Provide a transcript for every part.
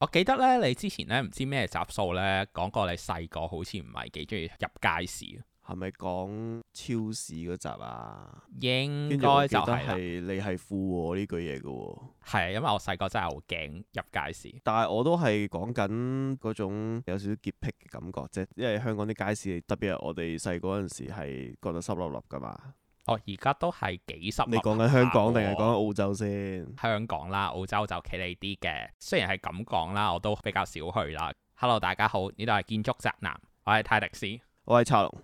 我記得咧，你之前咧唔知咩集數咧講過你細個好似唔係幾中意入街市。係咪講超市嗰集啊？應該就係。我是你係附和我呢句嘢嘅。係啊，因為我細個真係好驚入街市。但係我都係講緊嗰種有少少潔癖嘅感覺啫，因為香港啲街市特別係我哋細個嗰陣時係覺得濕立立噶嘛。我而家都係幾濕。你講緊香港定係講緊澳洲先？香港啦，澳洲就企利啲嘅。雖然係咁講啦，我都比較少去啦。Hello，大家好，呢度係建築宅男，我係泰迪斯，我係叉龍。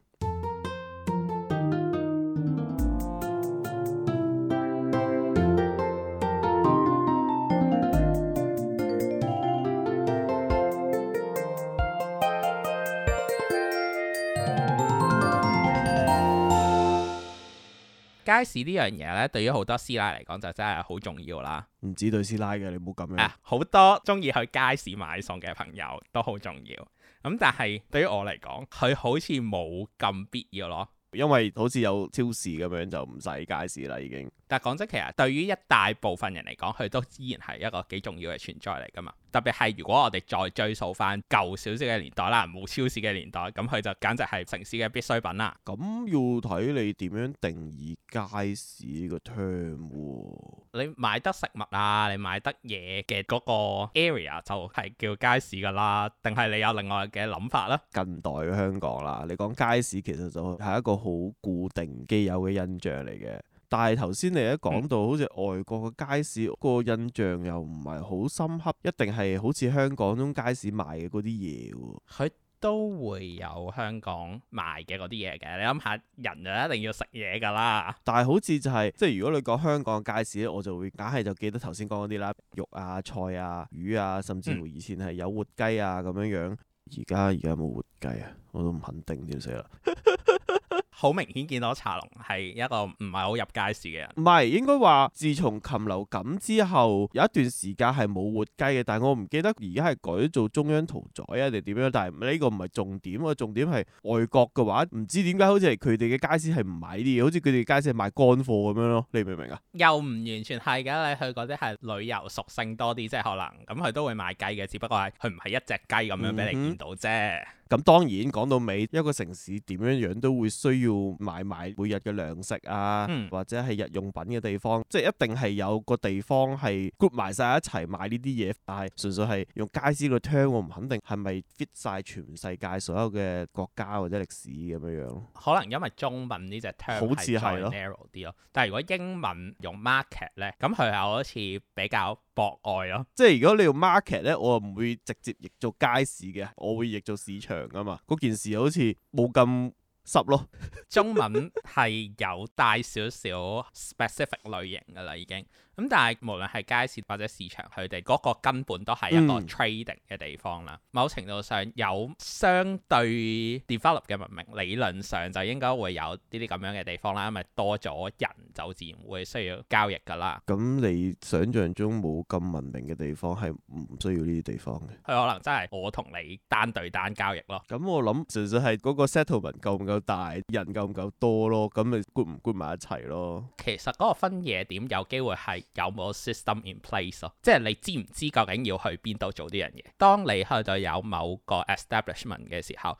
街市呢樣嘢咧，對於好多師奶嚟講就真係好重要啦。唔止對師奶嘅，你唔好咁樣。啊，好多鍾意去街市買餸嘅朋友都好重要。咁但係對於我嚟講，佢好似冇咁必要咯。因為好似有超市咁樣就唔使街市啦，已經。但係講真，其實對於一大部分人嚟講，佢都依然係一個幾重要嘅存在嚟㗎嘛。特別係如果我哋再追溯翻舊少少嘅年代啦，冇超市嘅年代，咁佢就簡直係城市嘅必需品啦。咁要睇你點樣定義街市呢個 term 喎、啊？你買得食物啦、啊，你買得嘢嘅嗰個 area 就係叫街市㗎啦，定係你有另外嘅諗法咧？近代香港啦，你講街市其實就係一個好固定既有嘅印象嚟嘅。但係頭先你一講到好似外國嘅街市，個印象又唔係好深刻，一定係好似香港嗰種街市賣嘅嗰啲嘢喎。佢都會有香港賣嘅嗰啲嘢嘅，你諗下，人就一定要食嘢㗎啦。但係好似就係、是、即係如果你講香港街市咧，我就會硬係就記得頭先講嗰啲啦，肉啊、菜啊、魚啊，甚至乎以前係有活雞啊咁樣、嗯、樣。而家而家有冇活雞啊？我都唔肯定點寫啦。 好明顯見到茶龍係一個唔係好入街市嘅人，唔係應該話自從禽流感之後有一段時間係冇活雞嘅，但係我唔記得而家係改做中央屠宰啊定點樣，但係呢個唔係重點，個重點係外國嘅話唔知點解好似係佢哋嘅街市係唔賣呢啲嘅，好似佢哋街市係賣乾貨咁樣咯，你明唔明啊？又唔完全係㗎，你去嗰啲係旅遊屬性多啲，即係可能咁佢都會賣雞嘅，只不過係佢唔係一隻雞咁樣俾你見到啫。咁、嗯、當然講到尾一個城市點樣樣都會需要。要買買每日嘅糧食啊，嗯、或者係日用品嘅地方，即係一定係有個地方係 group 埋晒一齊買呢啲嘢，但係純粹係用街市個 term 我唔肯定係咪 fit 晒全世界所有嘅國家或者歷史咁樣樣。可能因為中文呢隻 term 好似係咯，但係如果英文用 market 咧，咁佢又好似比較博愛咯。即係如果你用 market 咧，我又唔會直接譯做街市嘅，我會譯做市場噶嘛。嗰件事好似冇咁。十咯， 中文係有帶少少 specific 類型嘅啦，已經。咁但係無論係街市或者市場，佢哋嗰個根本都係一個 trading 嘅地方啦。嗯、某程度上有相對 develop 嘅文明，理論上就應該會有呢啲咁樣嘅地方啦。因為多咗人就自然會需要交易噶啦。咁你想像中冇咁文明嘅地方係唔需要呢啲地方嘅？係、嗯、可能真係我同你單對單交易咯。咁我諗純粹係嗰個 settlement 夠唔夠大，人夠唔夠多咯？咁咪谷唔谷埋一齊咯？其實嗰個分野點有機會係。有冇 system in place 咯？即係你知唔知究竟要去邊度做啲樣嘢？當你去到有某個 establishment 嘅時候。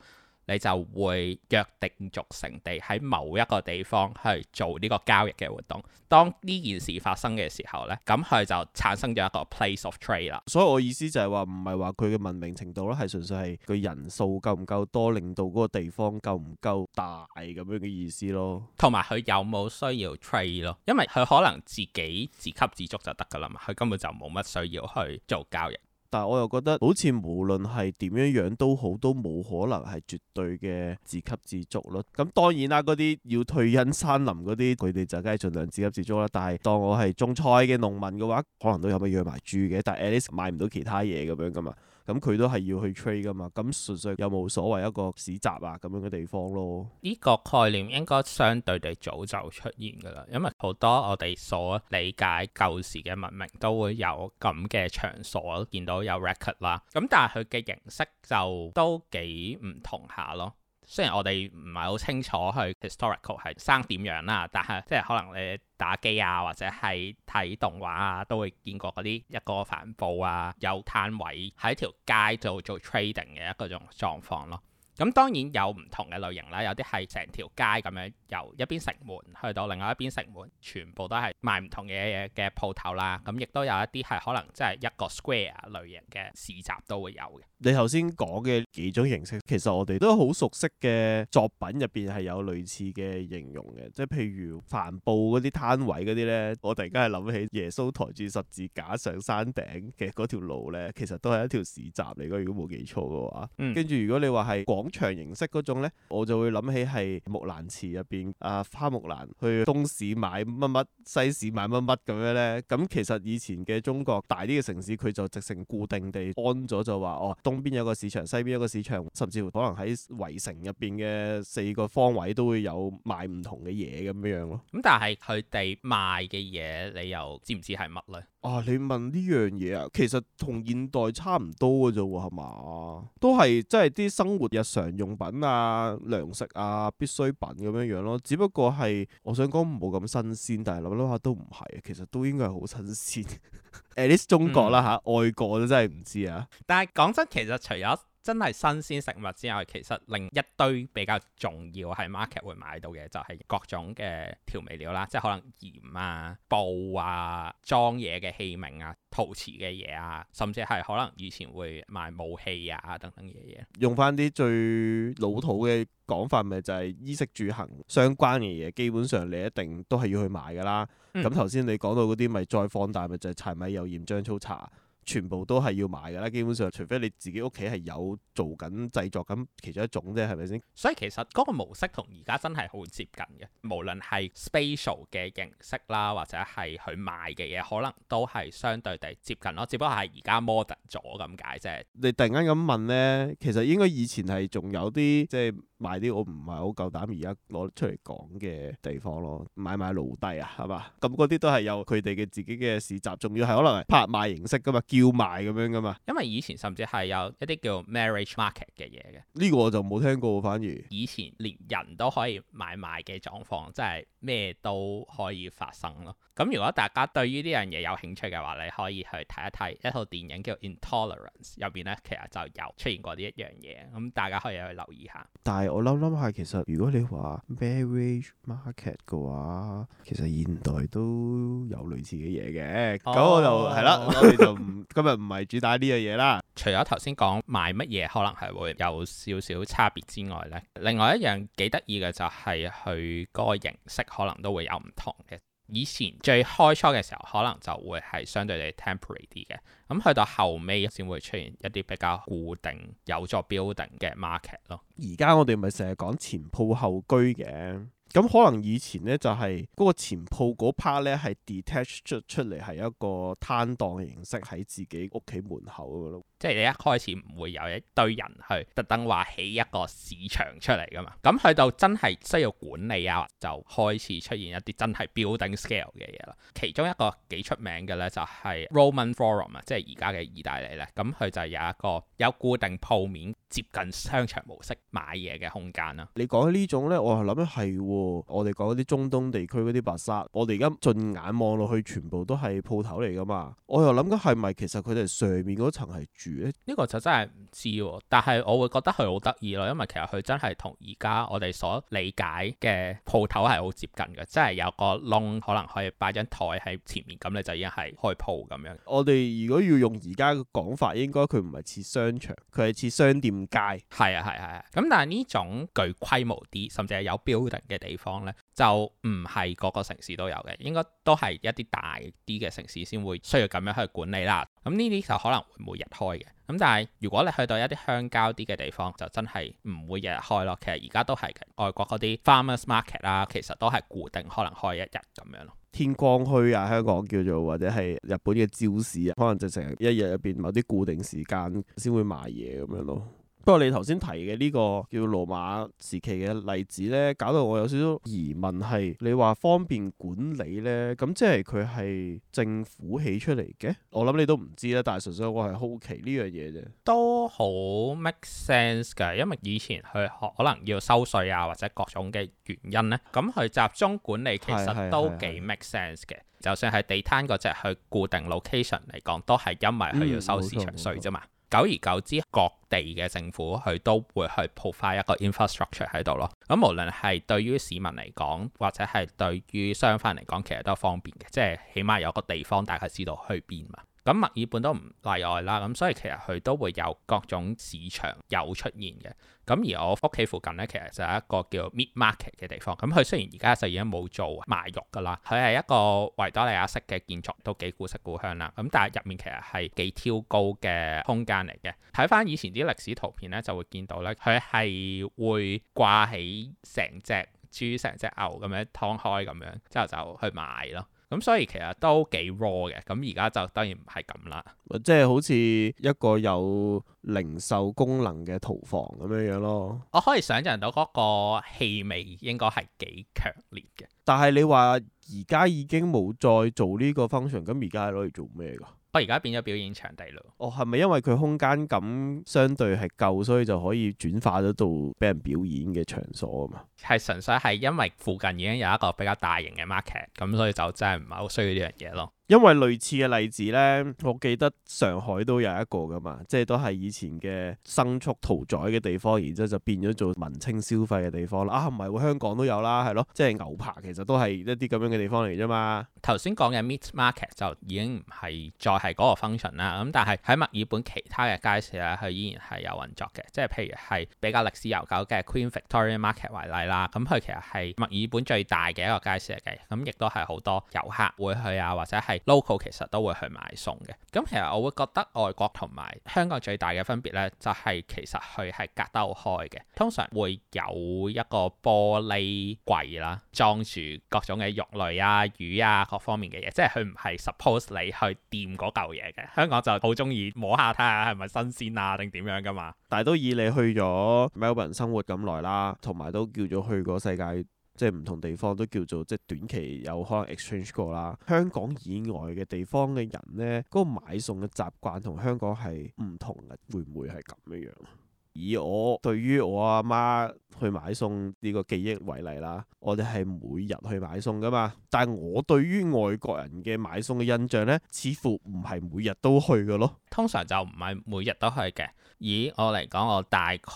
你就會約定俗成地喺某一個地方去做呢個交易嘅活動。當呢件事發生嘅時候呢，咁佢就產生咗一個 place of trade 啦。所以我意思就係話，唔係話佢嘅文明程度咧，係純粹係佢人數夠唔夠多，令到嗰個地方夠唔夠大咁樣嘅意思咯。同埋佢有冇需要 trade 咯？因為佢可能自己自給自足就得噶啦嘛，佢根本就冇乜需要去做交易。但係我又覺得好似無論係點樣樣都好，都冇可能係絕對嘅自給自足咯。咁當然啦，嗰啲要退隱山林嗰啲，佢哋就梗係盡量自給自足啦。但係當我係種菜嘅農民嘅話，可能都有咩養埋豬嘅，但係 Alice 買唔到其他嘢咁樣噶嘛。咁佢都係要去 trade 噶嘛，咁純粹有冇所謂一個市集啊咁樣嘅地方咯。呢個概念應該相對地早就出現噶啦，因為好多我哋所理解舊時嘅文明都會有咁嘅場所，見到有 record 啦。咁但係佢嘅形式就都幾唔同下咯。雖然我哋唔係好清楚佢 historical 係生點樣啦，但係即係可能你打機啊，或者係睇動畫啊，都會見過嗰啲一個帆布啊，有攤位喺條街度做，做 trading 嘅一個種狀況咯。咁當然有唔同嘅類型啦，有啲係成條街咁樣由一邊城門去到另外一邊城門，全部都係賣唔同嘅嘢嘅鋪頭啦。咁亦都有一啲係可能即係一個 square 類型嘅市集都會有嘅。你頭先講嘅幾種形式，其實我哋都好熟悉嘅作品入邊係有類似嘅形容嘅，即係譬如帆布嗰啲攤位嗰啲呢。我突然間係諗起耶穌抬住十字架上山頂嘅嗰條路呢，其實都係一條市集嚟嘅，如果冇記錯嘅話。跟住、嗯、如果你話係廣場形式嗰種呢，我就會諗起係木蘭辭入邊啊，花木蘭去東市買乜乜，西市買乜乜咁樣呢。咁其實以前嘅中國大啲嘅城市，佢就直成固定地安咗就話哦，東邊有個市場，西邊有個市場，甚至乎可能喺圍城入邊嘅四個方位都會有賣唔同嘅嘢咁樣樣咯。咁但係佢哋賣嘅嘢，你又知唔知係乜呢？哦、啊，你問呢樣嘢啊，其實同現代差唔多嘅啫喎，係嘛？都係即係啲生活日。常用品啊、糧食啊、必需品咁樣樣咯，只不過係我想講冇咁新鮮，但係諗諗下都唔係，其實都應該係好新鮮。 At least 中國啦嚇，外、嗯、國都真係唔知啊。但係講真，其實除咗真係新鮮食物之外，其實另一堆比較重要係 market 會買到嘅，就係各種嘅調味料啦，即係可能鹽啊、布啊、裝嘢嘅器皿啊、陶瓷嘅嘢啊，甚至係可能以前會賣武器啊等等嘢嘢。用翻啲最老土嘅講法，咪就係衣食住行相關嘅嘢，基本上你一定都係要去買㗎啦。咁頭先你講到嗰啲，咪再放大咪就係柴米油鹽醬醋茶。全部都係要買㗎啦，基本上除非你自己屋企係有做緊製作緊其中一種啫，係咪先？所以其實嗰個模式同而家真係好接近嘅，無論係 spatial 嘅形式啦，或者係佢賣嘅嘢，可能都係相對地接近咯，只不過係而家 modern 咗咁解啫。你突然間咁問呢，其實應該以前係仲有啲即係。就是買啲我唔係好夠膽而家攞出嚟講嘅地方咯，買賣奴隸啊，係嘛？咁嗰啲都係有佢哋嘅自己嘅市集，仲要係可能係拍賣形式噶嘛，叫賣咁樣噶嘛。因為以前甚至係有一啲叫 marriage market 嘅嘢嘅。呢個我就冇聽過反而。以前連人都可以買賣嘅狀況，即係咩都可以發生咯。咁如果大家對於呢樣嘢有興趣嘅話，你可以去睇一睇一,一套電影叫《Intolerance》入邊咧，其實就有出現過呢一樣嘢，咁大家可以去留意下。但係。我諗諗下，其實如果你話 marriage market 嘅話，其實現代都有類似嘅嘢嘅。咁我、oh. 就係啦，我哋、oh. 就 唔今日唔係主打呢樣嘢啦。除咗頭先講買乜嘢，可能係會有少少差別之外咧，另外一樣幾得意嘅就係佢嗰個形式，可能都會有唔同嘅。以前最開初嘅時候，可能就會係相對地 temporary 啲嘅，咁去到後尾先會出現一啲比較固定有座 building 嘅 market 咯。而家我哋咪成日講前鋪後居嘅。咁可能以前呢，就係嗰個前鋪嗰 part 呢，係 detach 出嚟係一個攤檔嘅形式喺自己屋企門口咯，即係你一開始唔會有一堆人去特登話起一個市場出嚟噶嘛。咁去到真係需要管理啊，就開始出現一啲真係 building scale 嘅嘢啦。其中一個幾出名嘅呢，就係 Roman Forum 啊，即係而家嘅意大利呢。咁佢就有一個有固定鋪面接近商場模式買嘢嘅空間啦。你講呢種呢，我係諗係我哋講嗰啲中東地區嗰啲巴扎，我哋而家盡眼望落去，全部都係鋪頭嚟噶嘛？我又諗緊係咪其實佢哋上面嗰層係住咧？呢個就真係唔知，但係我會覺得佢好得意咯，因為其實佢真係同而家我哋所理解嘅鋪頭係好接近嘅，即係有個窿可能可以擺張台喺前面，咁你就已經係開鋪咁樣。我哋如果要用而家嘅講法，應該佢唔係似商場，佢係似商店街。係啊係係，咁、啊啊、但係呢種具規模啲，甚至係有 building 嘅地方咧就唔係個個城市都有嘅，應該都係一啲大啲嘅城市先會需要咁樣去管理啦。咁呢啲就可能會每日開嘅。咁但係如果你去到一啲鄉郊啲嘅地方，就真係唔會日日開咯。其實而家都係外國嗰啲 farmers market 啦，其實都係固定可能開一日咁樣咯。天光墟啊，香港叫做或者係日本嘅朝市啊，可能就成日一日入邊某啲固定時間先會賣嘢咁樣咯。不過你頭先提嘅呢個叫羅馬時期嘅例子呢，搞到我有少少疑問係，你話方便管理呢？咁即係佢係政府起出嚟嘅？我諗你都唔知啦，但係純粹我係好奇呢樣嘢啫。都好 make sense 噶，因為以前佢可能要收稅啊，或者各種嘅原因呢。咁去集中管理其實都幾 make sense 嘅。是是是是就算係地攤嗰隻去固定 location 嚟講，都係因為佢要收市場稅啫嘛。嗯久而久之，各地嘅政府佢都會去鋪翻一個 infrastructure 喺度咯。咁無論係對於市民嚟講，或者係對於商販嚟講，其實都方便嘅，即係起碼有個地方大概知道去邊嘛。咁墨爾本都唔例外啦。咁所以其實佢都會有各種市場有出現嘅。咁而我屋企附近呢，其實就有一個叫 Meat Market 嘅地方。咁、嗯、佢雖然而家就已經冇做賣肉噶啦，佢係一個維多利亞式嘅建築，都幾古色古香啦。咁、嗯、但係入面其實係幾挑高嘅空間嚟嘅。睇翻以前啲歷史圖片呢，就會見到呢，佢係會掛起成隻豬、成隻牛咁樣劏開咁樣，之後就去賣咯。咁所以其實都幾 raw 嘅，咁而家就當然唔係咁啦。即係好似一個有零售功能嘅屠房咁樣樣咯。我可以想象到嗰個氣味應該係幾強烈嘅。但係你話而家已經冇再做呢個 function，咁而家係攞嚟做咩㗎？不而家變咗表演場地咯。哦，係咪因為佢空間感相對係夠，所以就可以轉化得到俾人表演嘅場所啊嘛？係純粹係因為附近已經有一個比較大型嘅 market，咁所以就真係唔係好需要呢樣嘢咯。因為類似嘅例子呢，我記得上海都有一個㗎嘛，即係都係以前嘅牲畜屠宰嘅地方，然之後就變咗做文青消費嘅地方啦。啊，唔係喎，香港都有啦，係咯，即係牛扒其實都係一啲咁樣嘅地方嚟啫嘛。頭先講嘅 meat market 就已經唔係再係嗰個 function 啦。咁、嗯、但係喺墨爾本其他嘅街市呢，佢依然係有運作嘅。即係譬如係比較歷史悠久嘅 Queen Victoria Market 為例啦，咁、嗯、佢其實係墨爾本最大嘅一個街市嚟嘅，咁、嗯、亦都係好多遊客會去啊，或者係。local 其實都會去買餸嘅，咁其實我會覺得外國同埋香港最大嘅分別呢，就係其實佢係隔得好開嘅，通常會有一個玻璃櫃啦，裝住各種嘅肉類啊、魚啊，各方面嘅嘢，即係佢唔係 suppose 你去掂嗰嚿嘢嘅。香港就好中意摸下睇下係咪新鮮啊定點樣㗎嘛，但係都以你去咗 Melbourne 生活咁耐啦，同埋都叫咗去過世界。即係唔同地方都叫做即係短期有可能 exchange 過啦。香港以外嘅地方嘅人呢，嗰個買餸嘅習慣同香港係唔同嘅，會唔會係咁樣？以我對於我阿媽去買餸呢個記憶為例啦，我哋係每日去買餸噶嘛。但係我對於外國人嘅買餸嘅印象呢，似乎唔係每日都去嘅咯。通常就唔係每日都去嘅。以我嚟講，我大概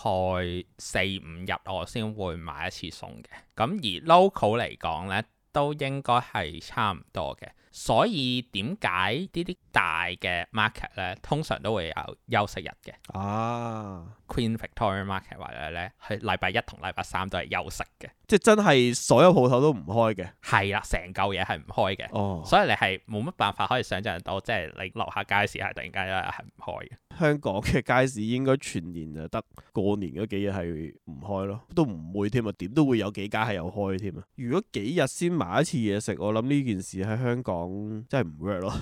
四五日我先會買一次餸嘅。咁而 local 嚟講呢，都應該係差唔多嘅。所以點解呢啲大嘅 market 呢，通常都會有休息日嘅？啊！Queen Victoria Market 話咧咧，係禮拜一同禮拜三都係休息嘅，即係真係所有鋪頭都唔開嘅。係啦，成嚿嘢係唔開嘅。哦，oh。所以你係冇乜辦法可以想象到，即係你樓下街市係突然間一日係唔開嘅。香港嘅街市應該全年就得過年嗰幾日係唔開咯，都唔會添啊。點都會有幾間係有開添啊。如果幾日先買一次嘢食，我諗呢件事喺香港真係唔 work 咯。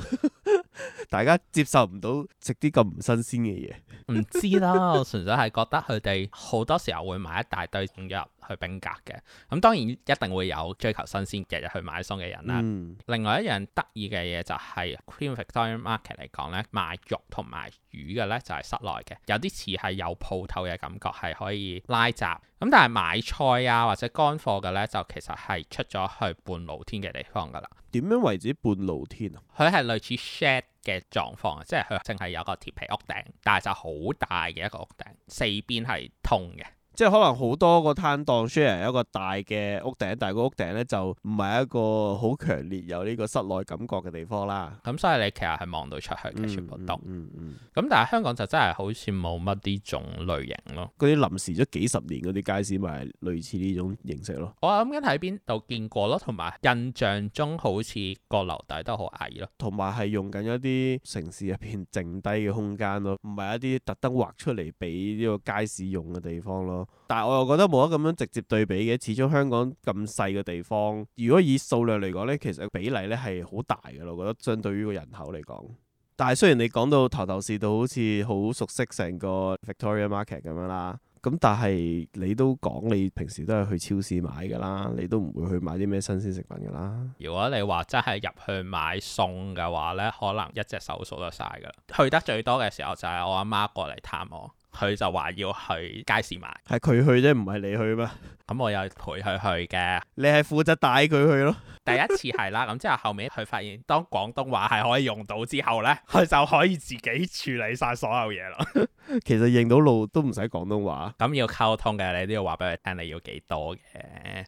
大家接受唔到食啲咁唔新鮮嘅嘢，唔知啦， 我純粹。係覺得佢哋好多時候會買一大堆嘢。去冰格嘅，咁、嗯、當然一定會有追求新鮮日日去買餸嘅人啦。嗯、另外一樣得意嘅嘢就係 Queen Victoria Market 嚟講呢賣肉同埋魚嘅呢，就係室內嘅，有啲似係有鋪頭嘅感覺，係可以拉閘。咁、嗯、但係買菜啊或者乾貨嘅呢，就其實係出咗去半露天嘅地方噶啦。點樣為止半露天啊？佢係類似 shed 嘅狀況即係佢淨係有個鐵皮屋頂，但係就好大嘅一個屋頂，四邊係通嘅。即係可能好多個攤檔 share 一個大嘅屋頂，但係個屋頂咧就唔係一個好強烈有呢個室內感覺嘅地方啦。咁所以你其實係望到出去嘅全部都。咁、嗯嗯嗯嗯、但係香港就真係好似冇乜呢種類型咯，嗰啲臨時咗幾十年嗰啲街市咪係類似呢種形式咯。我諗緊喺邊度見過咯，同埋印象中好似個樓底都好矮咯，同埋係用緊一啲城市入邊剩低嘅空間咯，唔係一啲特登劃出嚟俾呢個街市用嘅地方咯。但係我又覺得冇得咁樣直接對比嘅，始終香港咁細嘅地方，如果以數量嚟講呢，其實比例呢係好大嘅啦。我覺得相對於個人口嚟講，但係雖然你講到頭頭是道，好似好熟悉成個 Victoria Market 咁樣啦，咁但係你都講你平時都係去超市買㗎啦，你都唔會去買啲咩新鮮食品㗎啦。如果你話真係入去買餸嘅話呢，可能一隻手數得晒㗎啦。去得最多嘅時候就係我阿媽過嚟探我。佢就話要去街市買，係佢去啫。唔係你去咩？咁、嗯、我又陪佢去嘅，你係負責帶佢去咯。 第一次係啦，咁之後後尾佢發現，當廣東話係可以用到之後呢，佢就可以自己處理晒所有嘢咯。 其實認到路都唔使廣東話，咁要溝通嘅，你都要話俾佢聽你要幾多嘅。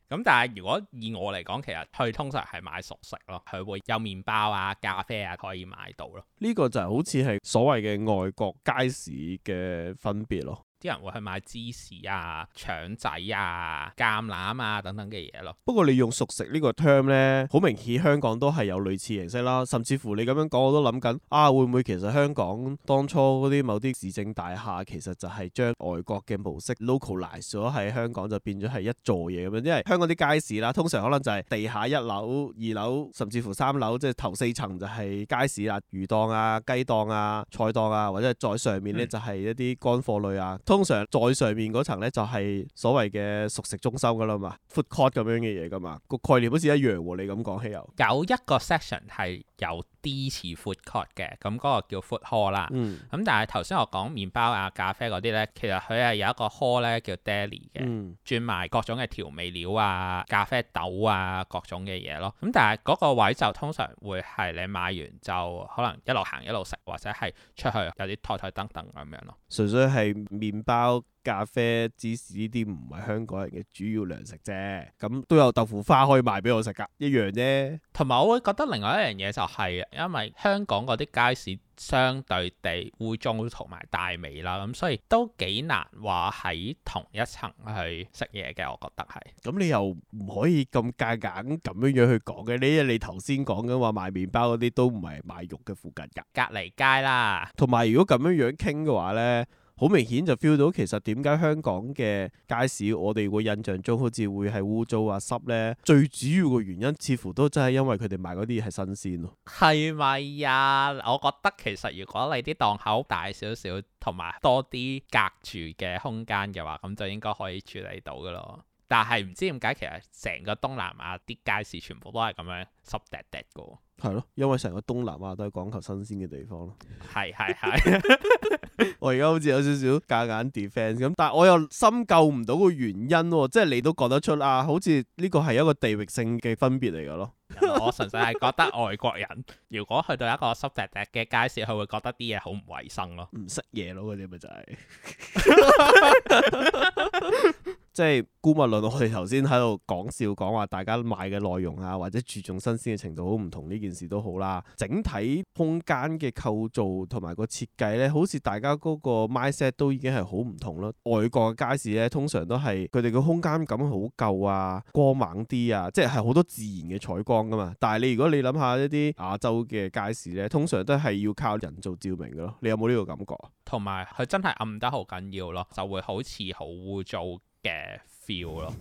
咁但係如果以我嚟講，其實佢通常係買熟食咯，佢會有麵包啊、咖啡啊可以買到咯。呢個就好似係所謂嘅外國街市嘅分別咯。啲人會去買芝士啊、腸仔啊、橄欖啊等等嘅嘢咯。不過你用熟食呢個 term 咧，好明顯香港都係有類似形式啦。甚至乎你咁樣講，我都諗緊啊，會唔會其實香港當初嗰啲某啲市政大廈其實就係將外國嘅模式 localize 咗喺香港，就變咗係一座嘢咁樣。因為香港啲街市啦，通常可能就係地下一樓、二樓，甚至乎三樓，即係頭四層就係街市啦、魚檔啊、雞檔啊、菜檔啊，或者係再上面咧就係一啲乾貨類啊。嗯通常再上面嗰層咧就係、是、所謂嘅熟食中心㗎啦嘛，Food Court 咁樣嘅嘢㗎嘛，個概念好似一樣喎、哦。你咁講起又有一個 section 係有啲似 Food Court 嘅，咁、那、嗰個叫 Food Hall 啦。咁、嗯、但係頭先我講麵包啊、咖啡嗰啲咧，其實佢係有一個 hall 咧叫 deli 嘅，專賣、嗯、各種嘅調味料啊、咖啡豆啊各種嘅嘢咯。咁但係嗰個位就通常會係你買完就可能一路行一路食，或者係出去有啲台台等等咁樣咯。純粹係麵包咖啡、芝士呢啲唔係香港人嘅主要糧食啫。咁都有豆腐花可以賣俾我食噶，一樣啫。同埋我會覺得另外一樣嘢就係，因為香港嗰啲街市相對地污糟同埋大味啦，咁所以都幾難話喺同一層去食嘢嘅。我覺得係咁，你又唔可以咁夾硬咁樣樣去講嘅。呢，你頭先講嘅話賣麵包嗰啲都唔係賣肉嘅附近㗎，隔離街啦。同埋如果咁樣樣傾嘅話呢。好明顯就 feel 到，其實點解香港嘅街市，我哋個印象中好似會係污糟啊，濕呢？最主要嘅原因似乎都真係因為佢哋賣嗰啲嘢係新鮮咯。係咪呀？我覺得其實如果你啲檔口大少少，同埋多啲隔住嘅空間嘅話，咁就應該可以處理到噶咯。但係唔知點解，其實成個東南亞啲街市全部都係咁樣濕立立噶。係咯，因為成個東南亞都係講求新鮮嘅地方咯。係係係。 我而家好似有少少夾硬 defence 咁，但係我又深究唔到個原因，即係你都覺得出啊，好似呢個係一個地域性嘅分別嚟噶咯。 我純粹係覺得外國人如果去到一個濕立立嘅街市，佢會覺得啲嘢好唔衞生咯，唔識嘢咯嗰啲咪就係。即係姑勿論我哋頭先喺度講笑講話，大家買嘅內容啊，或者注重新鮮嘅程度好唔同呢件事都好啦。整體空間嘅構造同埋個設計呢，好似大家嗰個 mindset 都已經係好唔同咯。外國嘅街市呢，通常都係佢哋個空間感好夠啊，光猛啲啊，即係好多自然嘅採光，但係你如果你諗下一啲亞洲嘅街市呢，通常都係要靠人造照明嘅咯。你有冇呢個感覺啊？同埋佢真係暗得好緊要咯，就會好似好污糟嘅 feel 咯，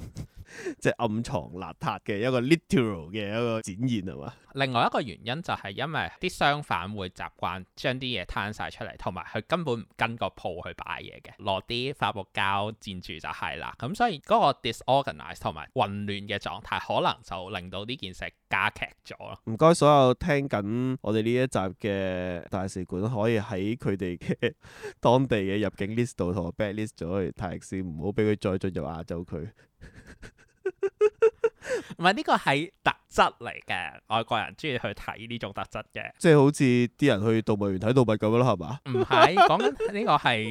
即係 暗藏邋遢嘅一個 literal 嘅一個展現係嘛？另外一個原因就係因為啲商販會習慣將啲嘢攤晒出嚟，同埋佢根本唔跟個鋪去擺嘢嘅，攞啲發泡膠佔住就係啦。咁所以嗰個 disorganize 同埋混亂嘅狀態，可能就令到呢件事加劇咗咯！唔該，所有聽緊我哋呢一集嘅大使館，可以喺佢哋嘅當地嘅入境 list 度同我 black list 咗佢泰斯，唔好俾佢再進入亞洲區。 唔係呢個係特質嚟嘅，外國人中意去睇呢種特質嘅，即係好似啲人去動物園睇動物咁樣啦，係嘛？唔係， 講緊呢個係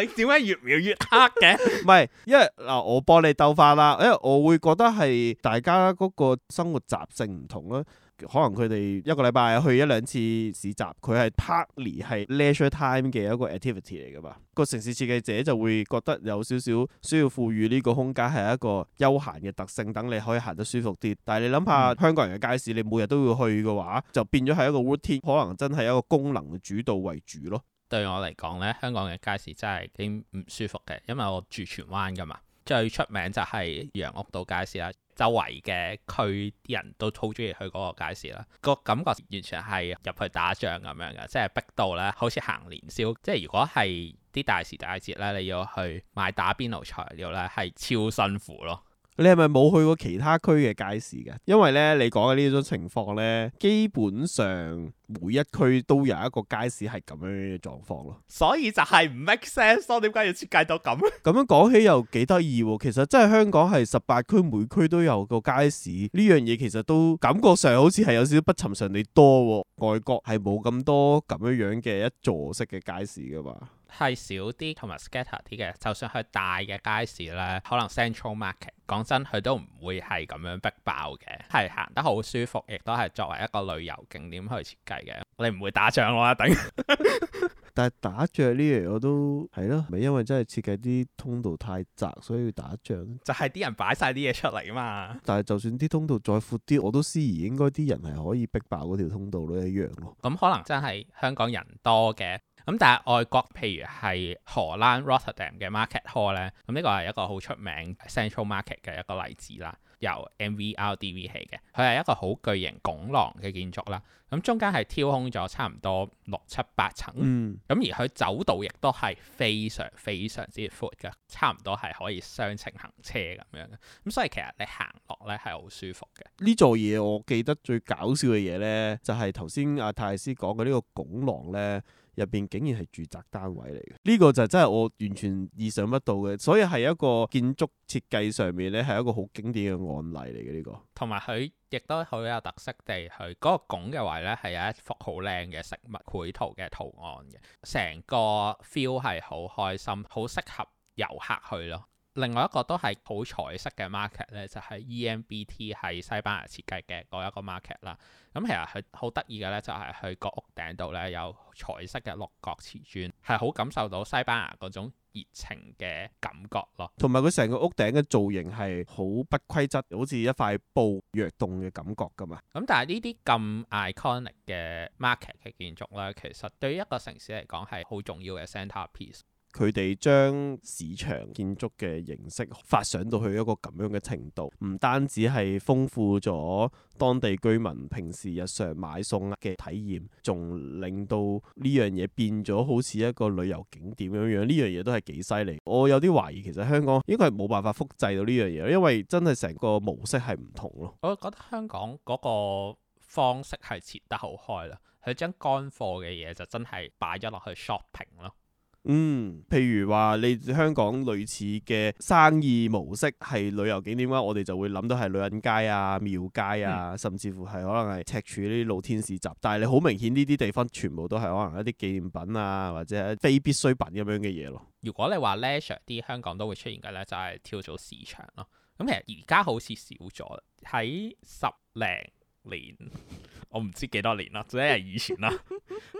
你點解越描越黑嘅？唔係， 因為嗱，我幫你兜翻啦，因為我會覺得係大家嗰個生活習性唔同啦。可能佢哋一個禮拜去一兩次市集，佢係 partly 係 leisure time 嘅一個 activity 嚟噶嘛？個城市設計者就會覺得有少少需要賦予呢個空間係一個休閒嘅特性，等你可以行得舒服啲。但係你諗下，嗯、香港人嘅街市你每日都要去嘅話，就變咗係一個 routine，可能真係一個功能主導為主咯。對我嚟講呢，香港嘅街市真係幾唔舒服嘅，因為我住荃灣噶嘛。最出名就係楊屋道街市啦，周圍嘅區啲人都好中意去嗰個街市啦，個感覺完全係入去打仗咁樣嘅，即係逼到咧，好似行年宵，即係如果係啲大時大節咧，你要去買打邊爐材料咧，係超辛苦咯。你係咪冇去過其他區嘅街市嘅？因為咧，你講嘅呢種情況咧，基本上每一區都有一個街市係咁樣樣嘅狀況咯。所以就係唔 make sense 咯，點解要設計到咁？咁樣講起又幾得意喎！其實真係香港係十八區，每區都有個街市。呢樣嘢其實都感覺上好似係有少少不尋常地多喎。外國係冇咁多咁樣樣嘅一座式嘅街市嘅嘛。係少啲同埋 scatter 啲嘅就算去大嘅街市呢，可能 Central Market，講真佢都唔會係咁樣逼爆嘅，係行得好舒服，亦都係作為一個旅遊景點去設計嘅。你唔會打仗我一定， 但係打仗呢樣我都係咯，咪因為真係設計啲通道太窄，所以要打仗。就係啲人擺晒啲嘢出嚟啊嘛！但係就算啲通道再闊啲，我都思疑應該啲人係可以逼爆嗰條通道都一樣咯。咁可能真係香港人多嘅。咁但係外國，譬如係荷蘭 Rotterdam 嘅 Market Hall 咧、嗯、咁、這、呢個係一個好出名 central market 嘅一個例子啦。由 MVRDV 起嘅，佢係一個好巨型拱廊嘅建築啦。咁、嗯、中間係挑空咗，差唔多六七八層。咁、嗯、而佢走道亦都係非常非常之闊嘅，差唔多係可以雙程行車咁樣嘅。咁、嗯、所以其實你行落咧係好舒服嘅。呢座嘢我記得最搞笑嘅嘢咧，就係頭先阿泰斯講嘅呢個拱廊咧。入邊竟然係住宅單位嚟嘅，呢個就真係我完全意想不到嘅，所以係一個建築設計上面呢，係一個好經典嘅案例嚟嘅呢個，同埋佢亦都好有特色地佢嗰個拱嘅位呢，係有一幅好靚嘅食物繪圖嘅圖案嘅，成個 feel 係好開心，好適合遊客去咯。另外一個都係好彩色嘅 market 呢就係、是、EMBT 係西班牙設計嘅嗰一個 market 啦。咁、嗯、其實佢好得意嘅呢，就係佢個屋頂度呢，有彩色嘅六角瓷磚，係好感受到西班牙嗰種熱情嘅感覺咯。同埋佢成個屋頂嘅造型係好不規則，好似一塊布躍動嘅感覺㗎嘛。咁、嗯、但係呢啲咁 iconic 嘅 market 嘅建築呢，其實對於一個城市嚟講係好重要嘅 centerpiece。佢哋將市場建築嘅形式發上到去一個咁樣嘅程度，唔單止係豐富咗當地居民平時日常買餸嘅體驗，仲令到呢樣嘢變咗好似一個旅遊景點咁樣。呢樣嘢都係幾犀利。我有啲懷疑，其實香港應該係冇辦法複製到呢樣嘢，因為真係成個模式係唔同咯。我覺得香港嗰個方式係切得好開啦，佢將乾貨嘅嘢就真係擺咗落去 shopping 咯。嗯，譬如話你香港類似嘅生意模式係旅遊景點啦，我哋就會諗到係女人街啊、廟街啊，甚至乎係可能係赤柱啲露天市集。但係你好明顯呢啲地方全部都係可能一啲紀念品啊，或者非必需品咁樣嘅嘢咯。如果你話 leisure 啲，香港都會出現嘅咧，就係跳蚤市場咯。咁其實而家好似少咗，喺十零年。 我唔知幾多年啦，即係以前啦，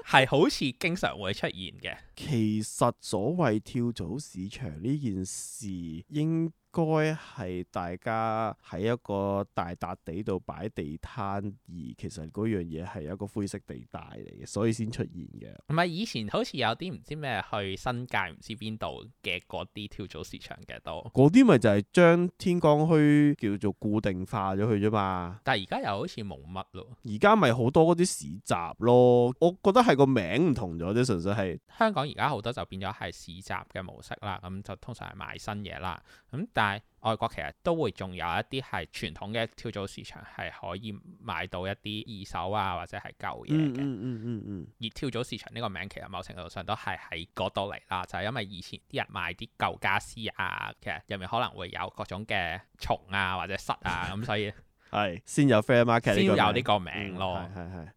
係 好似經常會出現嘅。其實所謂跳蚤市場呢件事，應應該係大家喺一個大笪地度擺地攤，而其實嗰樣嘢係一個灰色地帶嚟嘅，所以先出現嘅。唔係以前好似有啲唔知咩去新界唔知邊度嘅嗰啲跳蚤市場嘅都，嗰啲咪就係將天光墟叫做固定化咗去啫嘛。但係而家又好似冇乜咯。而家咪好多嗰啲市集咯，我覺得係個名唔同咗，啫，係純粹係香港而家好多就變咗係市集嘅模式啦，咁就通常係賣新嘢啦，咁但外國其實都會仲有一啲係傳統嘅跳蚤市場，係可以買到一啲二手啊或者係舊嘢嘅。而跳蚤市場呢個名，其實某程度上都係喺嗰度嚟啦，就係因為以前啲人賣啲舊傢俬啊，其實入面可能會有各種嘅蟲啊或者虱啊，咁 所以係 先有 fair market 先有呢個名、嗯、個名咯，係係。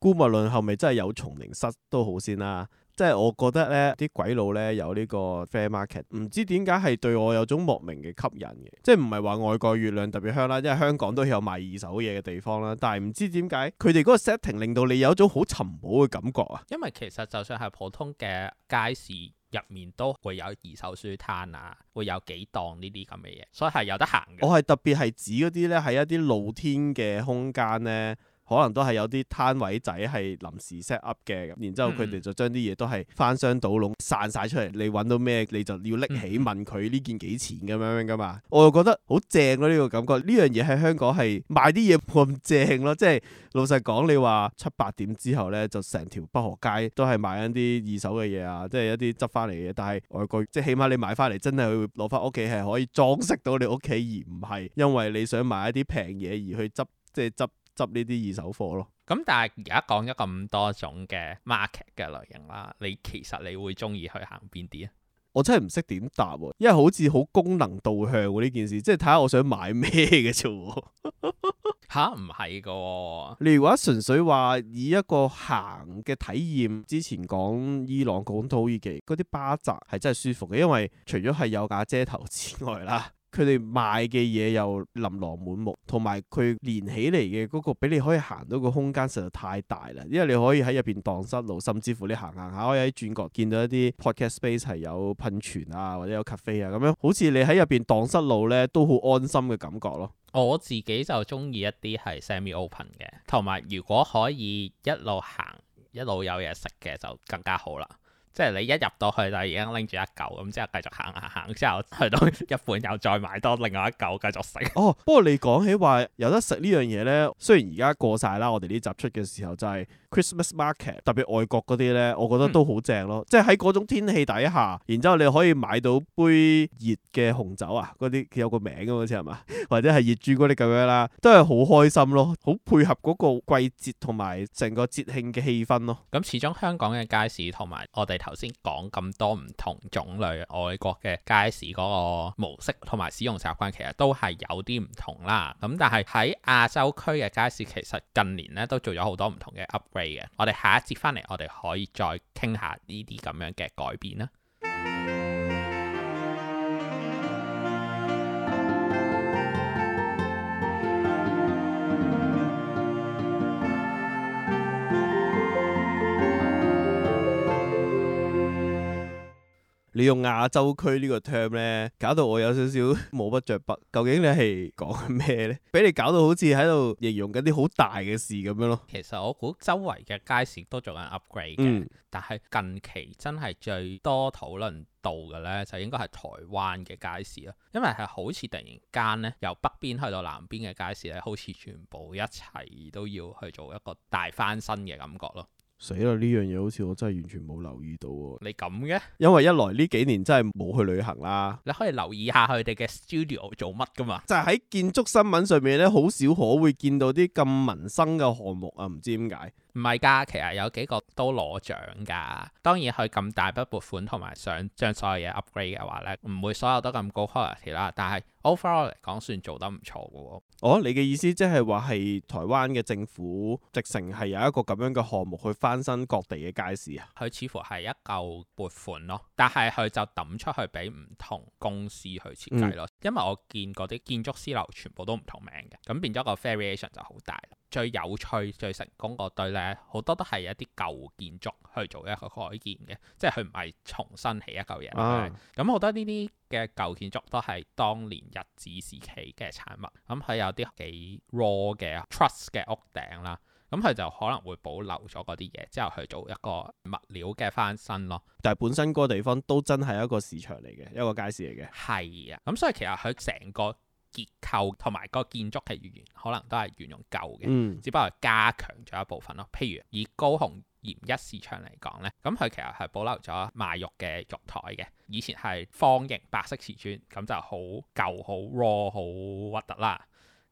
姑勿論後咪真係有蟲靈虱都好先啦。即係我覺得呢啲鬼佬呢，有呢個 fair market，唔知點解係對我有種莫名嘅吸引嘅，即係唔係話外國月亮特別香啦，因為香港都有賣二手嘢嘅地方啦，但係唔知點解佢哋嗰個 setting 令到你有一種好尋寶嘅感覺啊。因為其實就算係普通嘅街市入面都會有二手書攤啊，會有幾檔呢啲咁嘅嘢，所以係有得行嘅。我係特別係指嗰啲呢，喺一啲露天嘅空間呢。可能都係有啲攤位仔係臨時 set up 嘅，然之後佢哋就將啲嘢都係翻箱倒籠散晒出嚟。你揾到咩，你就要拎起問佢呢件幾錢咁樣樣噶嘛？我又覺得好正咯，呢個感覺呢樣嘢喺香港係買啲嘢冇咁正咯。即係老實講，你話七八點之後呢，就成條北河街都係賣緊啲二手嘅嘢啊，即係一啲執翻嚟嘅嘢。但係外國即係起碼你買翻嚟真係會攞翻屋企係可以裝飾到你屋企，而唔係因為你想買一啲平嘢而去執即係執，執呢啲二手貨咯，咁但係而家講咗咁多種嘅 market 嘅類型啦，你其實你會中意去行邊啲啊？我真係唔識點答喎，因為好似好功能導向喎、呢件事，即係睇下我想買咩嘅啫。吓、 啊，唔係噶，你如果純粹話以一個行嘅體驗，之前講伊朗、講土耳其嗰啲巴扎係真係舒服嘅，因為除咗係有架遮頭之外啦。佢哋賣嘅嘢又琳琅滿目，同埋佢連起嚟嘅嗰個畀你可以行到個空間實在太大啦，因為你可以喺入邊蕩失路，甚至乎你行行下可以喺轉角見到一啲 Podcast Space 係有噴泉啊，或者有 cafe 啊咁樣，好似你喺入邊蕩失路咧都好安心嘅感覺咯。我自己就鍾意一啲係 semi open 嘅，同埋如果可以一路行一路有嘢食嘅就更加好啦。即係你一入到去就已經拎住一嚿，咁之後繼續行行行，之後去到一半又再買，再買多另外一嚿繼續食。哦，不過你講起話有得食呢樣嘢咧，雖然而家過晒啦，我哋呢集出嘅時候就係 Christmas market，特別外國嗰啲咧，我覺得都好正咯。嗯、即係喺嗰種天氣底下，然之後你可以買到杯熱嘅紅酒啊，嗰啲有個名㗎好似係嘛， 或者係熱朱古力咁樣啦，都係好開心咯，好配合嗰個季節同埋成個節慶嘅氣氛咯。咁始終香港嘅街市同埋我哋。頭先講咁多唔同種類外國嘅街市嗰個模式同埋使用習慣，其實都係有啲唔同啦。咁但係喺亞洲區嘅街市，其實近年咧都做咗好多唔同嘅 upgrade 嘅。我哋下一節返嚟，我哋可以再傾下呢啲咁樣嘅改變啦。 你用亞洲區個呢個 term 咧，搞到我有少少冇乜着筆。究竟你係講咩咧？俾你搞到好似喺度形容緊啲好大嘅事咁樣咯。其實我估周圍嘅街市都做緊 upgrade 嘅，嗯、但係近期真係最多討論到嘅咧，就應該係台灣嘅街市啦。因為係好似突然間咧，由北邊去到南邊嘅街市咧，好似全部一齊都要去做一個大翻新嘅感覺咯。死啦！呢樣嘢好似我真係完全冇留意到喎。你咁嘅？因為一來呢幾年真係冇去旅行啦。你可以留意下佢哋嘅 studio 做乜噶嘛。就係喺建築新聞上面咧，好少可會見到啲咁民生嘅項目啊，唔知點解。唔係噶，其實有幾個都攞獎噶。當然佢咁大筆撥款同埋想將所有嘢 upgrade 嘅話咧，唔會所有都咁高 quality 啦。但係 overall 嚟講，算做得唔錯噶喎。哦，你嘅意思即係話係台灣嘅政府直情係有一個咁樣嘅項目去翻新各地嘅街市啊？佢似乎係一嚿撥款咯，但係佢就抌出去俾唔同公司去設計咯，嗯、因為我見過啲建築師樓全部都唔同名嘅，咁變咗個 variation 就好大。最有趣、最成功個對咧，好多都係一啲舊建築去做一個改建嘅，即係佢唔係重新起一嚿嘢。咁好、啊嗯、多呢啲嘅舊建築都係當年日治時期嘅產物。咁、嗯、佢有啲幾 raw 嘅 truss 嘅屋頂啦，咁、嗯、佢就可能會保留咗嗰啲嘢，之後去做一個物料嘅翻新咯。但係本身嗰個地方都真係一個市場嚟嘅，一個街市嚟嘅。係啊，咁、嗯、所以其實佢成個結構同埋個建築嘅語言可能都係沿用舊嘅，嗯、只不過加強咗一部分咯。譬如以高雄鹽一市場嚟講呢，咁佢其實係保留咗賣肉嘅肉台嘅，以前係方形白色瓷磚，咁就好舊、好 raw、好核突啦。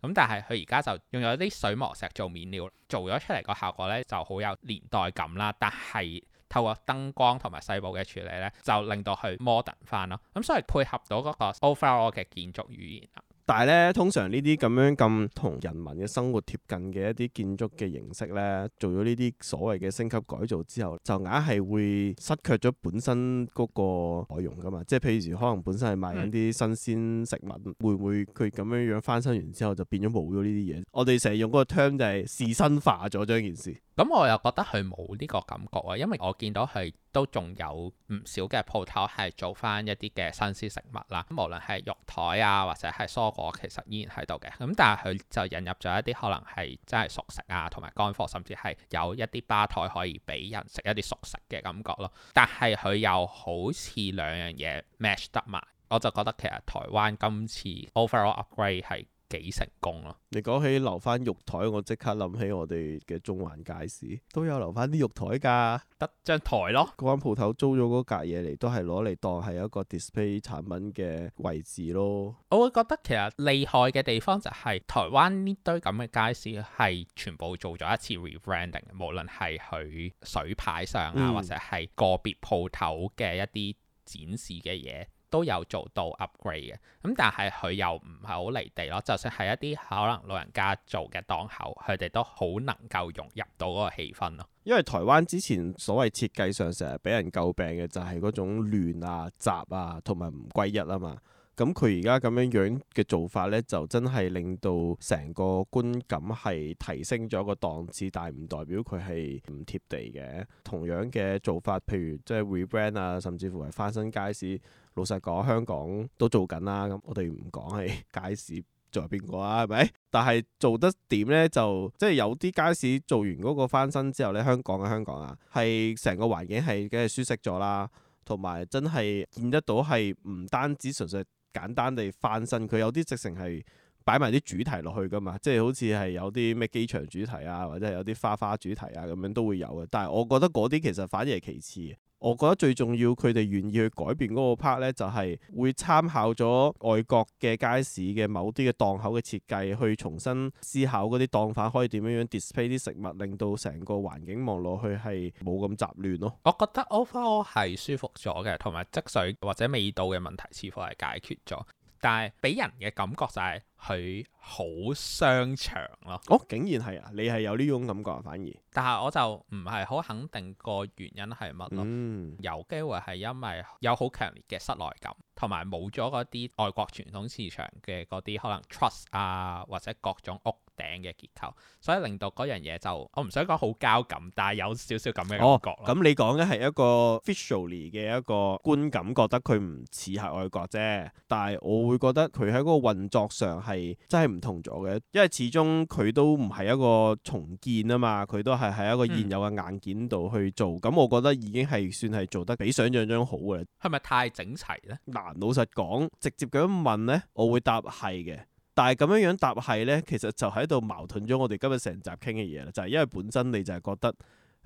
咁但係佢而家就用咗啲水磨石做面料，做咗出嚟個效果呢就好有年代感啦。但係透過燈光同埋細部嘅處理呢，就令到佢 modern 翻咯。咁所以配合到嗰個 overall 嘅建築語言但係咧，通常呢啲咁樣咁同人民嘅生活貼近嘅一啲建築嘅形式咧，做咗呢啲所謂嘅升級改造之後，就硬係會失卻咗本身嗰個內容㗎嘛。即係譬如可能本身係賣緊啲新鮮食物，嗯、會唔會佢咁樣樣翻新完之後就變咗冇咗呢啲嘢？我哋成日用嗰個 term 就係士紳化咗張件事。咁我又覺得佢冇呢個感覺啊，因為我見到佢。都仲有唔少嘅鋪頭係做翻一啲嘅新鮮食物啦，無論係肉台啊或者係蔬果，其實依然喺度嘅。咁但係佢就引入咗一啲可能係真係熟食啊，同埋乾貨，甚至係有一啲吧台可以俾人食一啲熟食嘅感覺咯。但係佢又好似兩樣嘢 match 得埋，我就覺得其實台灣今次 overall upgrade 係幾成功啊！你講起留翻肉台，我即刻諗起我哋嘅中環街市都有留翻啲肉台噶，得張台咯。嗰間鋪頭租咗嗰格嘢嚟，都係攞嚟當係一個 display 產品嘅位置咯。我會覺得其實厲害嘅地方就係台灣呢堆咁嘅街市係全部做咗一次 rebranding，無論係佢水牌上啊，嗯、或者係個別鋪頭嘅一啲展示嘅嘢。都有做到 upgrade 嘅，咁但係佢又唔係好離地咯。就算係一啲可能老人家做嘅檔口，佢哋都好能夠融入到嗰個氣氛咯。因為台灣之前所謂設計上成日俾人詬病嘅就係嗰種亂啊、雜啊同埋唔歸一啊嘛。咁佢而家咁樣樣嘅做法呢，就真係令到成個觀感係提升咗個檔次，但係唔代表佢係唔貼地嘅。同樣嘅做法，譬如即係 rebrand 啊，甚至乎係翻新街市。老實講，香港都做緊啦。咁我哋唔講係街市做係邊個啊？係咪？但係做得點呢？就即係有啲街市做完嗰個翻新之後呢，香港嘅香港啊，係成個環境係梗係舒適咗啦，同埋真係見得到係唔單止純粹。簡單地翻新，佢有啲直情係擺埋啲主題落去㗎嘛，即係好似係有啲咩機場主題啊，或者係有啲花花主題啊，咁樣都會有嘅。但係我覺得嗰啲其實反而係其次。我覺得最重要，佢哋願意去改變嗰個 part 咧，就係會參考咗外國嘅街市嘅某啲嘅檔口嘅設計，去重新思考嗰啲檔販可以點樣樣 display 啲食物，令到成個環境望落去係冇咁雜亂咯。我覺得 overall 係舒服咗嘅，同埋質水或者味道嘅問題似乎係解決咗，但係俾人嘅感覺就係。佢好商場咯，我，哦，竟然係啊，你係有呢種感覺啊，反而，但係我就唔係好肯定個原因係乜咯，嗯，有機會係因為有好強烈嘅室內感，同埋冇咗嗰啲外國傳統市場嘅嗰啲可能 trust 啊，或者各種屋頂嘅結構，所以令到嗰樣嘢就我唔想講好膠感，但係有少少咁嘅感覺咯。咁，哦，你講嘅係一個 officially 嘅一個觀感，覺得佢唔似係外國啫，但係我會覺得佢喺嗰個運作上。係真係唔同咗嘅，因為始終佢都唔係一個重建啊嘛，佢都係喺一個現有嘅硬件度去做，咁、嗯、我覺得已經係算係做得比想象中好嘅。係咪太整齊呢？嗱，老實講，直接咁問呢，我會答係嘅。但係咁樣樣答係呢，其實就喺度矛盾咗我哋今日成集傾嘅嘢啦。就係、是、因為本身你就係覺得。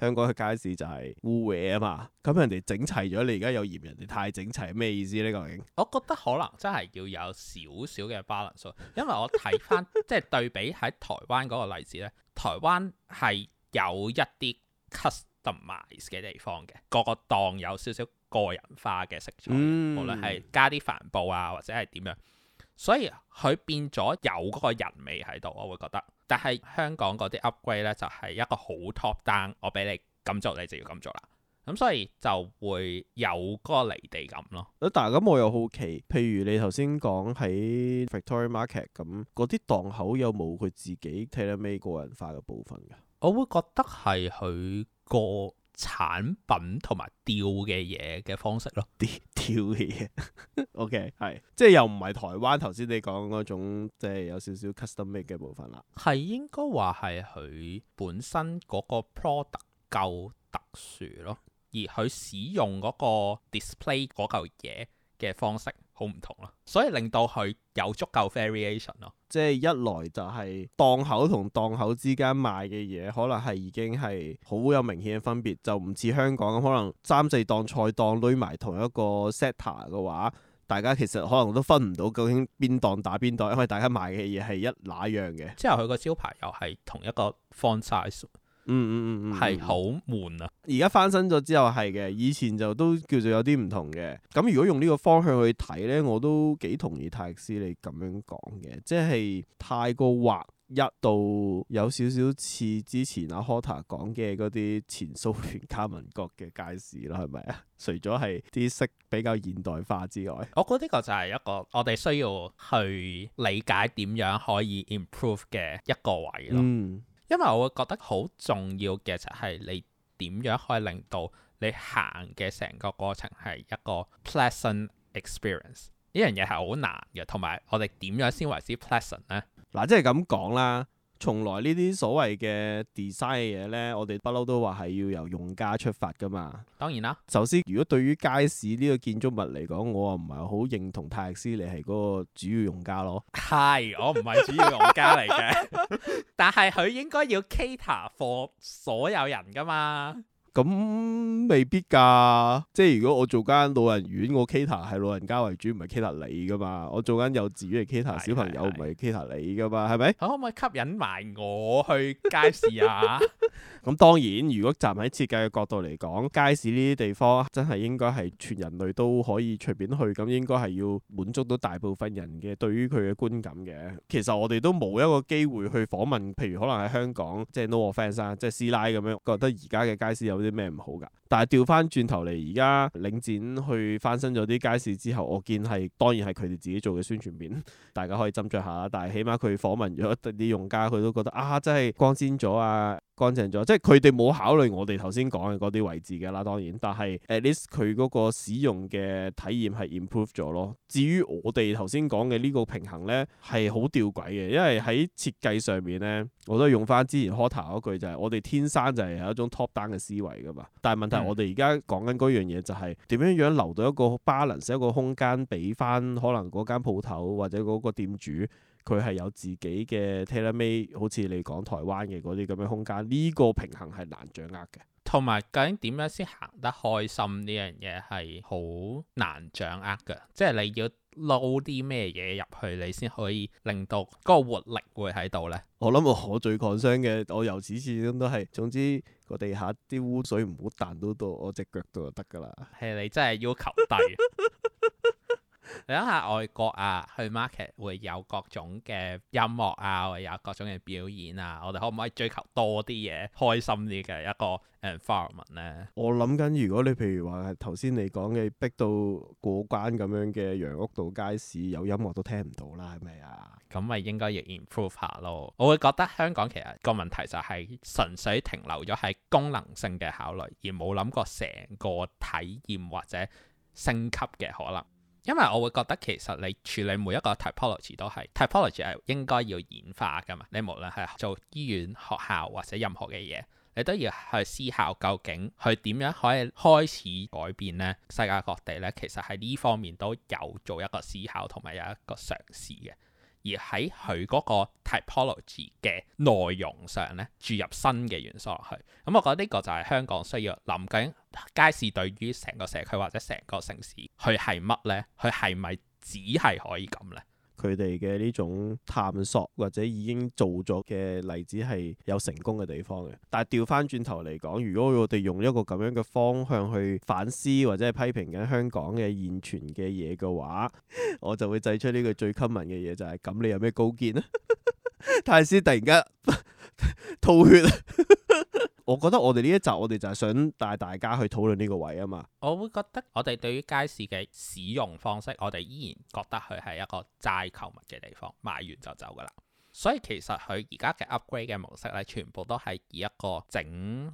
香港嘅街市就係烏雅啊嘛，咁人哋整齊咗，你而家又嫌人哋太整齊咩意思呢？究竟？我覺得可能真係要有少少嘅 balance，因為我睇翻 即係對比喺台灣嗰個例子咧，台灣係有一啲 customize 嘅地方嘅，個個檔有少少個人化嘅食材，嗯、無論係加啲帆布啊或者係點樣，所以佢變咗有嗰個人味喺度，我會覺得。但係香港嗰啲 upgrade 咧，就係一個好 top down，我俾你咁做，你就要咁做啦。咁所以就會有嗰個離地感咯。但係咁我又好奇，譬如你頭先講喺 Victoria Market 咁，嗰啲檔口有冇佢自己睇得尾個人化嘅部分㗎？我會覺得係佢個。產品同埋吊嘅嘢嘅方式咯，吊嘅嘢。OK，係即係又唔係台灣頭先你講嗰種，即係有少少 custom made 嘅部分啦。係應該話係佢本身嗰個 product 夠特殊咯，而佢使用嗰個 display 嗰嚿嘢。嘅方式好唔同咯，所以令到佢有足夠 variation 咯，即係一來就係檔口同檔口之間賣嘅嘢，可能係已經係好有明顯嘅分別，就唔似香港咁，可能三四檔菜檔堆埋同一個 setter 嘅話，大家其實可能都分唔到究竟邊檔打邊檔，因為大家賣嘅嘢係一乸樣嘅。之後佢個招牌又係同一個 font size。嗯嗯嗯，係、嗯、好、嗯、悶啊！而家翻新咗之後係嘅，以前就都叫做有啲唔同嘅。咁如果用呢個方向去睇呢，我都幾同意泰克斯你咁樣講嘅，即係太過劃一到有少少似之前阿、啊、Hota 講嘅嗰啲前蘇聯加盟國嘅街市咯，係咪啊？除咗係啲色比較現代化之外，我覺得呢個就係一個我哋需要去理解點樣可以 improve 嘅一個位咯。嗯。因為我會覺得好重要嘅就係你點樣可以令到你行嘅成個過程係一個 pleasant experience。呢樣嘢係好難嘅，同埋我哋點樣先為之 pleasant 呢？嗱，即係咁講啦。從來呢啲所謂嘅 design 嘅嘢咧，我哋不嬲都話係要由用家出發噶嘛。當然啦。首先，如果對於街市呢個建築物嚟講，我啊唔係好認同泰勒斯嚟係嗰個主要用家咯。係，我唔係主要用家嚟嘅， 但係佢應該要 cater for 所有人噶嘛。咁未必㗎，即係如果我做間老人院，我 cater 係老人家為主，唔係 cater 你㗎嘛？我做間幼稚園 cater 小朋友，唔係 cater 你㗎嘛？係咪？可唔可以吸引埋我去街市啊？咁 當然，如果站喺設計嘅角度嚟講，街市呢啲地方真係應該係全人類都可以隨便去，咁應該係要滿足到大部分人嘅對於佢嘅觀感嘅。其實我哋都冇一個機會去訪問，譬如可能喺香港，即係 no offense 啊，即係師奶咁樣覺得而家嘅街市有。有啲咩唔好㗎？但係調翻轉頭嚟，而家領展去翻新咗啲街市之後，我見係當然係佢哋自己做嘅宣傳片，大家可以斟酌下。但係起碼佢訪問咗一啲用家，佢都覺得啊，真係光鮮咗啊！乾淨咗，即係佢哋冇考慮我哋頭先講嘅嗰啲位置嘅啦，當然。但係 at least 佢嗰個使用嘅體驗係 improve 咗咯。至於我哋頭先講嘅呢個平衡呢，係好吊詭嘅，因為喺設計上面呢，我都係用翻之前 Hutter 嗰句就係：我哋天生就係有一種 top down 嘅思維噶嘛。但係問題我哋而家講緊嗰樣嘢就係點樣樣留到一個 balance 一個空間俾翻可能嗰間鋪頭或者嗰個店主。佢係有自己嘅，t e l 睇得尾，id, 好似你講台灣嘅嗰啲咁嘅空間，呢、這個平衡係難掌握嘅。同埋究竟點樣先行得開心呢樣嘢係好難掌握嘅，即係你要撈啲咩嘢入去，你先可以令到嗰個活力會喺度呢。我諗我最抗傷嘅，我由始至終都係，總之個地下啲污水唔好彈到到我隻腳度就得㗎啦。係 你真係要求低。 你睇下外國啊，去 market 會有各種嘅音樂啊，會有各種嘅表演啊。我哋可唔可以追求多啲嘢，開心啲嘅一個 environment 咧？我諗緊，如果你譬如話頭先你講嘅逼到過關咁樣嘅楊屋道街市，有音樂都聽唔到啦，係咪啊？咁咪應該要 improve 下咯。我會覺得香港其實個問題就係純粹停留咗喺功能性嘅考慮，而冇諗過成個體驗或者升級嘅可能。因為我會覺得其實你處理每一個 typology 都係 typology 係應該要演化㗎嘛，你無論係做醫院、學校或者任何嘅嘢，你都要去思考究竟去點樣可以開始改變呢？世界各地呢，其實喺呢方面都有做一個思考同埋有一個嘗試嘅。而喺佢嗰個 typology 嘅內容上咧，注入新嘅元素落去。咁、嗯、我覺得呢個就係香港需要諗緊街市對於成個社區或者成個城市，佢係乜咧？佢係咪只係可以咁咧？佢哋嘅呢種探索或者已經做咗嘅例子係有成功嘅地方嘅，但係掉返轉頭嚟講，如果我哋用一個咁樣嘅方向去反思或者係批評緊香港嘅現存嘅嘢嘅話，我就會製出呢個最 common 嘅嘢，就係咁，你有咩高見呢？太師突然間 吐血了笑我覺得我哋呢一集我哋就係想帶大家去討論呢個位啊嘛。我會覺得我哋對於街市嘅使用方式，我哋依然覺得佢係一個齋購物嘅地方，買完就走㗎喇。所以其實佢而家嘅 upgrade 嘅模式咧，全部都係以一個整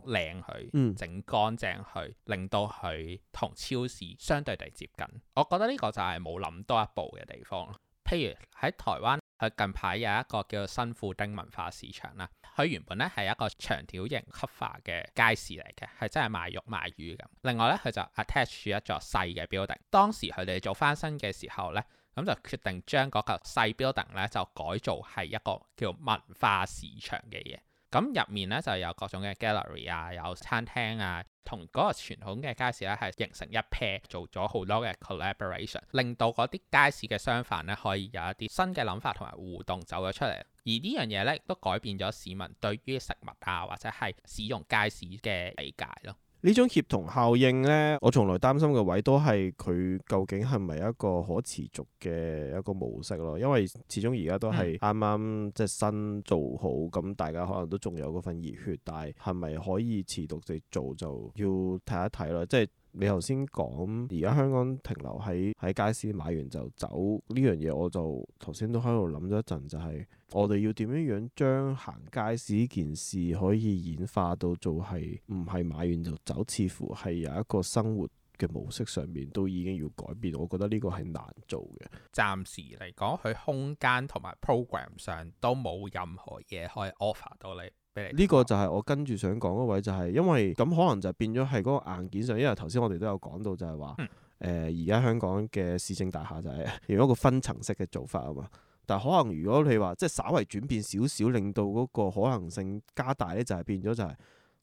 靚佢整乾淨去，令到佢同超市相對地接近。我覺得呢個就係冇諗多一步嘅地方，譬如喺台灣。佢近排有一個叫做新富丁文化市場啦，佢原本咧係一個長條型吸化嘅街市嚟嘅，係真係賣肉賣魚咁。另外咧，佢就 attach 住一座細嘅 building。當時佢哋做翻新嘅時候咧，咁就決定將嗰個細 building 咧就改造係一個叫文化市場嘅嘢。咁入面咧就有各種嘅 gallery 啊，有餐廳啊，同嗰個傳統嘅街市咧係形成一 pair，做咗好多嘅 collaboration，令到嗰啲街市嘅商販咧可以有一啲新嘅諗法同埋互動走咗出嚟，而呢樣嘢咧都改變咗市民對於食物啊或者係使用街市嘅理解咯。呢種協同效應呢，我從來擔心嘅位都係佢究竟係咪一個可持續嘅一個模式咯，因為始終而家都係啱啱即係新做好，咁、嗯、大家可能都仲有嗰份熱血，但係係咪可以持續地做就要睇一睇咯，即係。你頭先講而家香港停留喺喺街市買完就走呢樣嘢，我就頭先都喺度諗咗一陣，就係我哋要點樣樣將行街市呢件事可以演化到做係唔係買完就走，似乎係有一個生活嘅模式上面都已經要改變。我覺得呢個係難做嘅。暫時嚟講，佢空間同埋 program 上都冇任何嘢可以 offer 到你。呢個就係我跟住想講嗰位，就係因為咁可能就變咗係嗰個硬件上，因為頭先我哋都有講到，就係話誒而家香港嘅市政大廈就係有一個分層式嘅做法啊嘛，但係可能如果你話即係稍為轉變少少，令到嗰個可能性加大咧，就係變咗就係、係。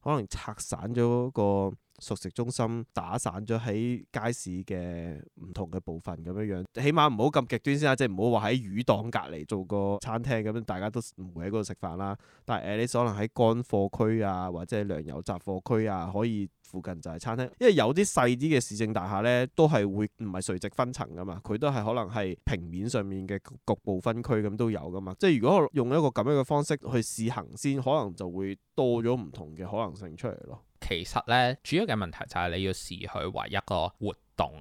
可能拆散咗個熟食中心，打散咗喺街市嘅唔同嘅部分咁樣樣，起碼唔好咁極端先啦，即係唔好話喺魚檔隔離做個餐廳咁樣，大家都唔會喺嗰度食飯啦。但係誒，你可能喺乾貨區啊，或者係糧油雜貨區啊，可以。附近就係餐廳，因為有啲細啲嘅市政大廈呢，都係會唔係垂直分層噶嘛，佢都係可能係平面上面嘅局部分區咁都有噶嘛。即係如果用一個咁樣嘅方式去試行先，可能就會多咗唔同嘅可能性出嚟咯。其實呢，主要嘅問題就係你要視佢為一個活動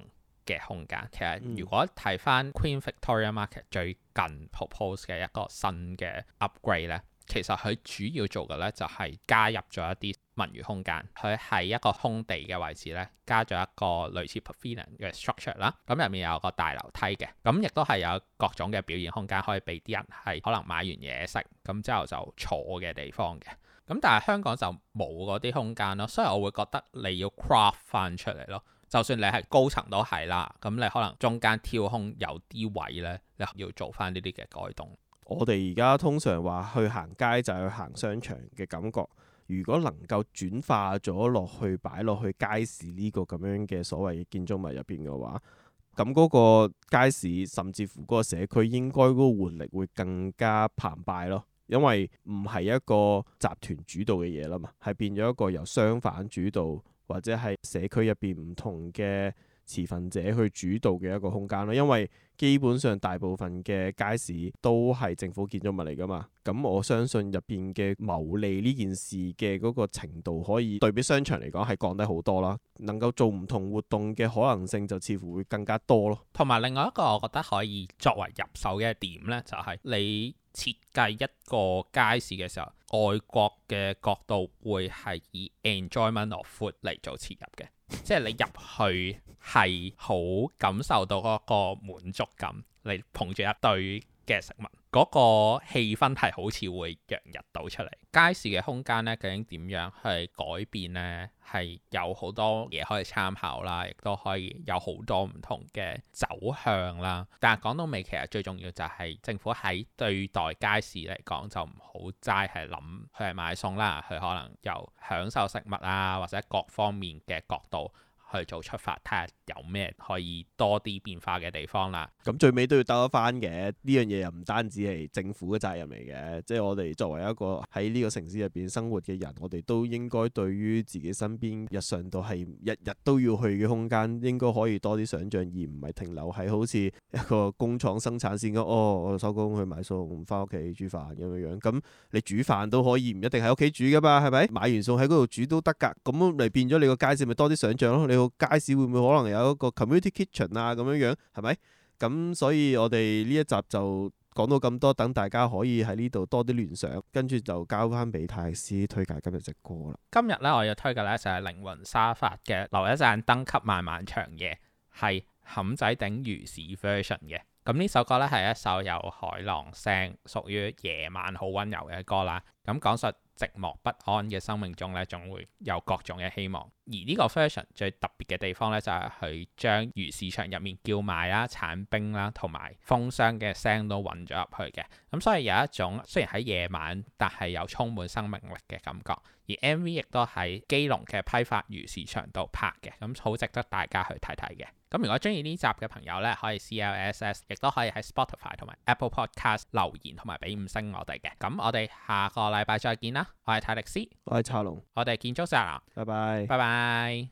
嘅空間。其實如果睇返 Queen Victoria Market 最近 propose 嘅一個新嘅 upgrade 呢。其實佢主要做嘅呢，就係、是、加入咗一啲文娛空間，佢喺一個空地嘅位置呢，加咗一個類似 perforated 嘅 structure 啦，咁、嗯、入面有個大樓梯嘅，咁、嗯、亦都係有各種嘅表演空間可以俾啲人係可能買完嘢食，咁、嗯、之後就坐嘅地方嘅，咁、嗯、但係香港就冇嗰啲空間咯，所以我會覺得你要 craft 翻出嚟咯，就算你係高層都係啦，咁、嗯、你可能中間挑空有啲位呢，你要做翻呢啲嘅改動。我哋而家通常話去行街就係去行商場嘅感覺，如果能夠轉化咗落去擺落去街市呢個咁樣嘅所謂嘅建築物入邊嘅話，咁嗰個街市甚至乎嗰個社區應該嗰個活力會更加澎湃咯，因為唔係一個集團主導嘅嘢啦嘛，係變咗一個由商販主導或者係社區入邊唔同嘅。持份者去主導嘅一個空間咯，因為基本上大部分嘅街市都係政府建築物嚟噶嘛，咁我相信入邊嘅牟利呢件事嘅嗰個程度可以對比商場嚟講，係降低好多啦，能夠做唔同活動嘅可能性就似乎會更加多咯。同埋另外一個我覺得可以作為入手嘅一點咧，就係你設計一個街市嘅時候，外國嘅角度會係以 enjoyment of food 嚟做切入嘅。即係你入去係好感受到嗰個滿足感，你捧住一堆嘅食物。嗰個氣氛係好似會洋溢到出嚟，街市嘅空間呢，究竟點樣去改變呢？係有好多嘢可以參考啦，亦都可以有好多唔同嘅走向啦。但係講到尾，其實最重要就係政府喺對待街市嚟講，就唔好齋係諗佢係買餸啦，佢可能由享受食物啊，或者各方面嘅角度。去做出發睇下有咩可以多啲變化嘅地方啦。咁、嗯、最尾都要兜一翻嘅呢樣嘢又唔單止係政府嘅責任嚟嘅，即係我哋作為一個喺呢個城市入邊生活嘅人，我哋都應該對於自己身邊日常都係日日都要去嘅空間，應該可以多啲想象，而唔係停留喺好似一個工廠生產線咁。哦，我收工去買餸，返屋企煮飯咁樣樣。咁、嗯、你煮飯都可以唔一定喺屋企煮㗎嘛，係咪？買完餸喺嗰度煮都得㗎。咁嚟變咗你個街市咪多啲想象咯。你～到街市會唔會可能有一個 community kitchen 啊，咁樣樣係咪？咁所以我哋呢一集就講到咁多，等大家可以喺呢度多啲聯想，跟住就交翻俾泰斯推介今日隻歌啦。今日呢，我要推介呢就係、是、靈魂沙發嘅留一盞燈給漫漫長夜，係崁仔頂漁市 version 嘅。咁呢首歌咧係一首有海浪聲，屬於夜晚好溫柔嘅歌啦。咁講述寂寞不安嘅生命中咧，總會有各種嘅希望。而呢個 version 最特別嘅地方咧，就係佢將魚市場入面叫賣啦、剷冰啦同埋風箱嘅聲都混咗入去嘅。咁所以有一種雖然喺夜晚，但係有充滿生命力嘅感覺。而 MV 亦都喺基隆嘅批發魚市場度拍嘅，咁好值得大家去睇睇嘅。咁如果中意呢集嘅朋友咧，可以 C L S S，亦都可以喺 Spotify 同埋 Apple Podcast 留言同埋俾五星我哋嘅。咁我哋下個禮拜再見啦！我係泰迪斯，我係查龍，我哋建築師啦，拜拜，拜拜。